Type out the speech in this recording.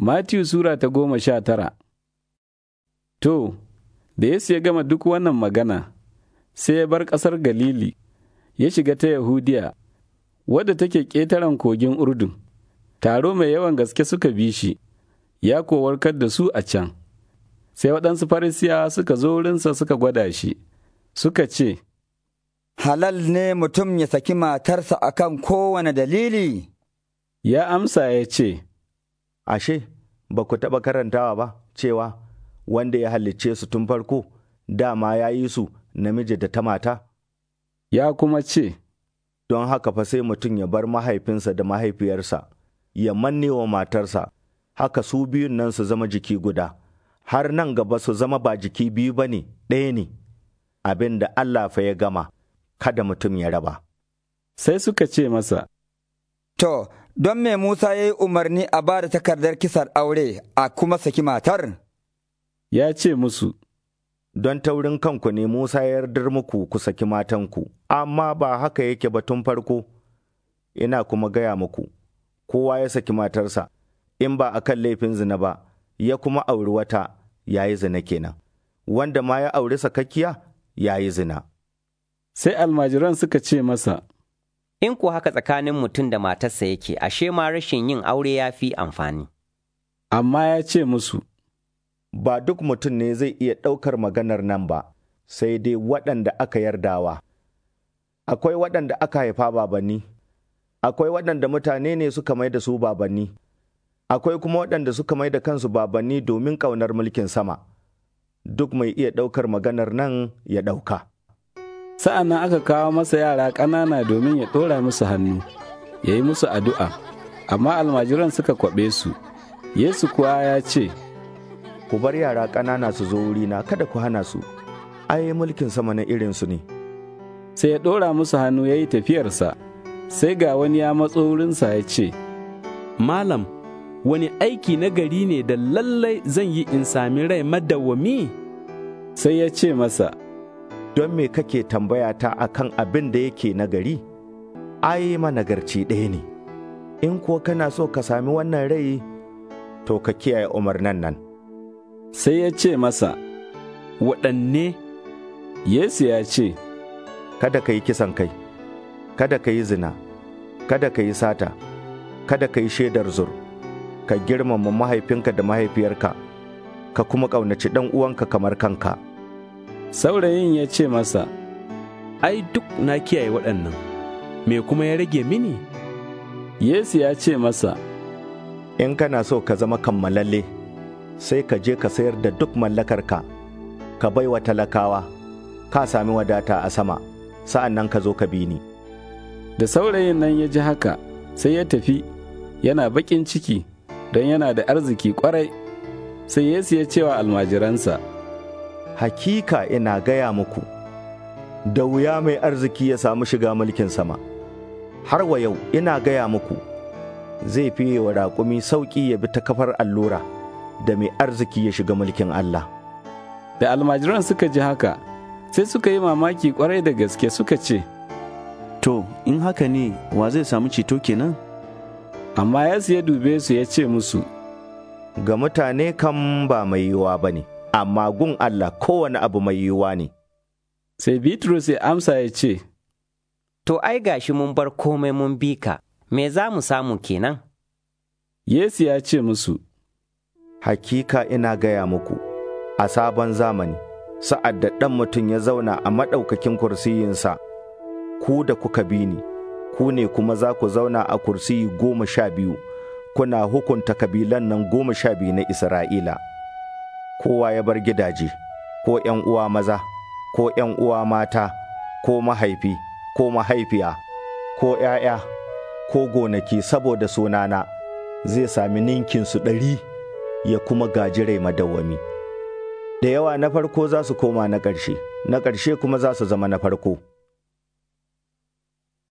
Matiyu Sura ta goma sha tara To, da Yesu ya gama duk wannan magana, sai ya bar ƙasar Galili, ya shiga ta Yahudiya, wadda take ƙetaren kogin Urdun. Taro mai yawan gaske suka bi shi, ya kowarkar da su a can. Sai waɗansu farisiya suka zo wurinsa suka gwada shi, suka ce, Halal ne mutum ya saki matarsa akan kowane dalili? Ya amsa ya ce, Ashe, ba ku taɓa karantawa ba cewa wanda ya halicce su tun farko dama ya yi su namiji da ta mata? Ya kuma ce, Don haka fa sai mutum ya bar mahaifinsa da mahaifiyarsa, ya manne wa matarsa, haka su biyun nan su zama jiki guda, har nan gaba su zama ba jiki biyu ba ne, ɗaya ne, abin da Allah fa ya gama, kada mutum ya raba. Sai suka ce masa, To, don me Musa ya yi umarni a ba da takardar kisar aure a kuma saki matar? Ya ce musu, Don taurin kanku ne Musa ya yardar muku ku saki matanku, amma ba haka yake ba tun farko, ina kuma gaya muku, kowa ya saki matarsa, in ba a kan laifin zina ba, ya kuma auri wata ya yi zina kenan, wanda ma ya auri sakakkiya ya yi zina. Sai almajiran suka ce masa, In ku haka tsakanin mutum da matarsa yake, ashe ma rashin yin aure ya fi amfani. Amma ya ce musu, Ba duk mutum ne zai iya ɗaukar maganar nan ba, sai dai waɗanda aka yardawa. Akwai waɗanda aka haifa babanni, akwai waɗanda mutane ne suka mai da su babanni, akwai kuma waɗanda suka mai da kansu babanni domin ƙaunar mulkin sama. Duk mai iya ɗaukar maganar nan ya ɗauka. sa'an nan aka kawo masa yara ƙanana domin ya ɗora musu hannu ya yi musu addu'a amma almajiran suka kwaɓe su yesu kuwa ya ce ku bar yara ƙanana su zo wurina kada ku hana su ai mulkin sama na irinsu ne sai ya ɗora musu hannu ya yi tafiyarsa sai ga wani ya matso wurinsa ya ce malam wani aiki na gari ne da lallai zan yi in sami rai madawwami sai ya ce masa don me kake tambaya ta kan abin da yake nagari? Ai managarci ɗaya ne, in kuwa kana so ka sami wannan rai, to ka kiyaye umarnan nan. Sai ya ce masa, waɗanne? Yesu ya ce, Kada ka yi kisan kai, kada ka yi zina, kada ka yi sata, kada ka yi shaidar zur, ka girmama mahaifinka da mahaifiyarka, ka kuma ƙaunaci ɗan uwanka kamar kanka. Saurayin ya ce masa, Ai, duk na kiyaye waɗannan, me kuma ya rage mini? Yesu ya ce masa, In kana so ka zama kammalalle, sai ka je ka sayar da duk mallakarka, ka bai wa talakawa, ka sami wadata a sama, sa'an nan ka zo ka bi ni. Da saurayin nan ya ji haka, sai ya tafi, yana baƙin ciki, don yana da arziki ƙwarai. Sai Yesu ya ce wa almajiransa, hakika ina gaya muku, da wuya mai arziki ya samu shiga mulkin sama, har wa yau ina gaya muku, zai fiye wa raƙumi sauƙi ya bi ta kafar allura da mai arziki ya shiga mulkin Allah. Da almajiran suka ji haka, sai suka yi mamaki kwarai da gaske suka ce, To, in haka ne, wa zai samu ceto kenan? Amma ya dube su ya ce musu, Ga mutane kan ba mai yiwuwa ba ne. amma gun Allah kowane abu mai yiwuwa ne. Sai Bitrus ya amsa ya ce, To ai gashi mun bar komai mun bi ka, me za mu samu kenan? Yesu ya ce musu, Hakika ina gaya muku, a sabon zamani, sa'ad da ɗan mutum ya zauna a maɗaukakin kursiyinsa, ku da kuka bi ni, ku ne kuma za ku zauna a kursiyi goma sha biyu, kuna hukunta kabilan nan goma sha biyu na Isra'ila. kowa ya bar gidaje, ko ’yan uwa maza, ko ’yan uwa mata, ko mahaifi, ko mahaifiya, ko ’ya'ya, ko gonaki saboda sunana, zai sami ninkinsu ɗari ya kuma gaji rai madawwami. Da yawa na farko za su koma na ƙarshe, na ƙarshe kuma za su zama na farko.